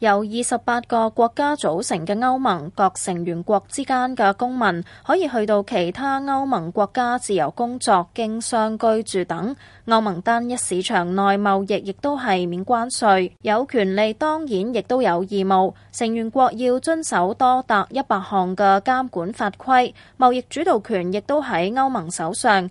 由二十八個國家組成嘅歐盟，各成員國之間嘅公民可以去到其他歐盟國家自由工作、經商、居住等。歐盟單一市場內貿易亦都係免關稅，有權利當然亦都有義務。成員國要遵守多達一百項嘅監管法規，貿易主導權亦都喺歐盟手上。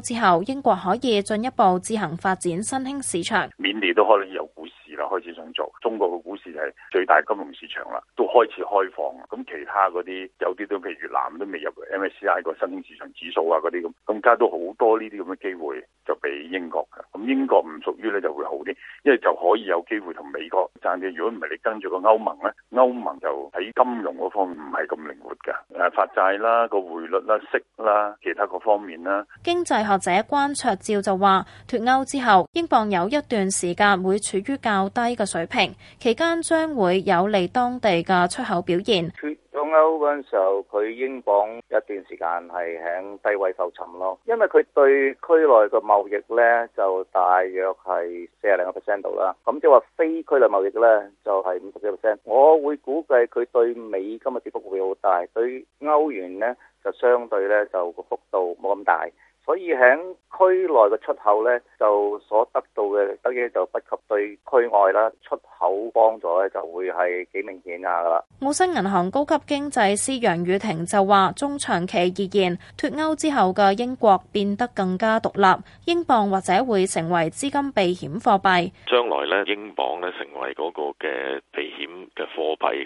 之後，英國可以進一步自行發展新興市場。緬甸都開始有股市啦，開始想做。中國嘅股市係最大金融市場啦，都開始開放。咁其他嗰啲有啲都，譬如越南都未入 MSCI 個新興市場指數啊，嗰啲咁，咁加都好多呢啲咁嘅機會。就俾英國嘅，咁英國唔屬於咧就會好啲，因為就可以有機會同美國賺嘅。如果唔係你跟住個歐盟咧，歐盟就喺金融嗰方面唔係咁靈活嘅，誒、發債啦、個匯率啦、息啦、其他各方面啦。經濟學者關卓照就話：脫歐之後，英鎊有一段時間會處於較低嘅水平，期間將會有利當地嘅出口表現。中歐嗰陣時候，佢英鎊一段時間係喺低位浮沉咯，因為佢對區內嘅貿易咧就大約係四十零個 percent 度啦，咁即係話非區內貿易咧就係五十幾 percent。我會估計佢對美金嘅跌幅會好大，對歐元咧就相對咧就個幅度冇咁大。可以響區內嘅出口咧，就所得到嘅得益就不及對區外啦。出口幫助咧，就會係幾明顯下噶啦。澳新銀行高級經濟師楊雨婷就話，中長期而言，脫歐之後嘅英國變得更加獨立，英鎊或者會成為資金避險貨幣，將來咧，英鎊咧成為嗰個嘅避險。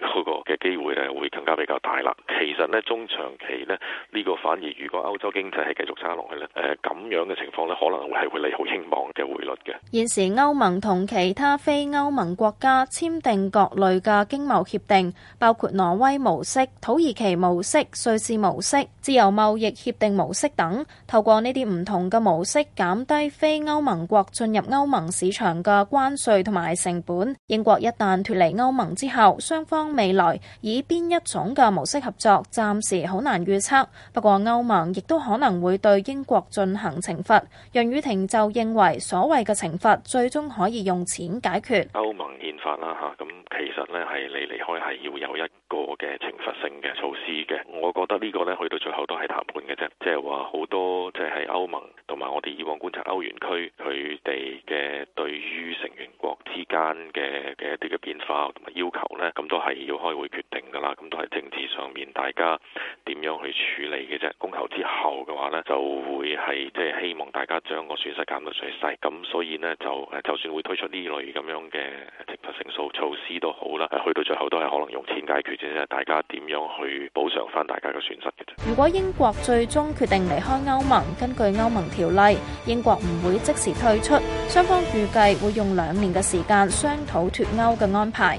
嗰個嘅機會咧，會更加比較大啦。其實呢，中長期呢，呢個反而如果歐洲經濟係繼續差落去呢，誒咁樣嘅情況咧，可能會係會利好英鎊嘅匯率嘅。現時歐盟同其他非歐盟國家簽訂各類嘅經貿協定，包括挪威模式、土耳其模式、瑞士模式、自由貿易協定模式等。透過呢啲唔同嘅模式，減低非歐盟國進入歐盟市場嘅關稅同埋成本。英國一旦脫離歐盟之後，雙方。未來以邊一種嘅模式合作，暫時好難預測。不過歐盟亦都可能會對英國進行懲罰。楊宇霆就認為，所謂嘅懲罰最終可以用錢解決。歐盟憲法啦吓，咁其實咧係你離開係要有一個嘅懲罰性嘅措施嘅。我覺得呢個咧去到最後都係談判嘅啫，即係話好。全國之間嘅嘅一啲嘅變化同埋要求呢，咁都係要開會決定噶啦。咁都係政治上面大家點樣去處理嘅啫。公投之後嘅話呢，就會係即係希望大家將個損失減到最細。咁所以呢，就，就算會推出呢類咁樣嘅懲罰性數措施都好啦。去到最後都係可能用錢解決啫。大家點樣去補償翻大家嘅損失嘅啫。如果英國最終決定離開歐盟，根據歐盟條例，英國唔會即時退出。雙方預計會用兩。兩年嘅時間，商討脫歐嘅安排。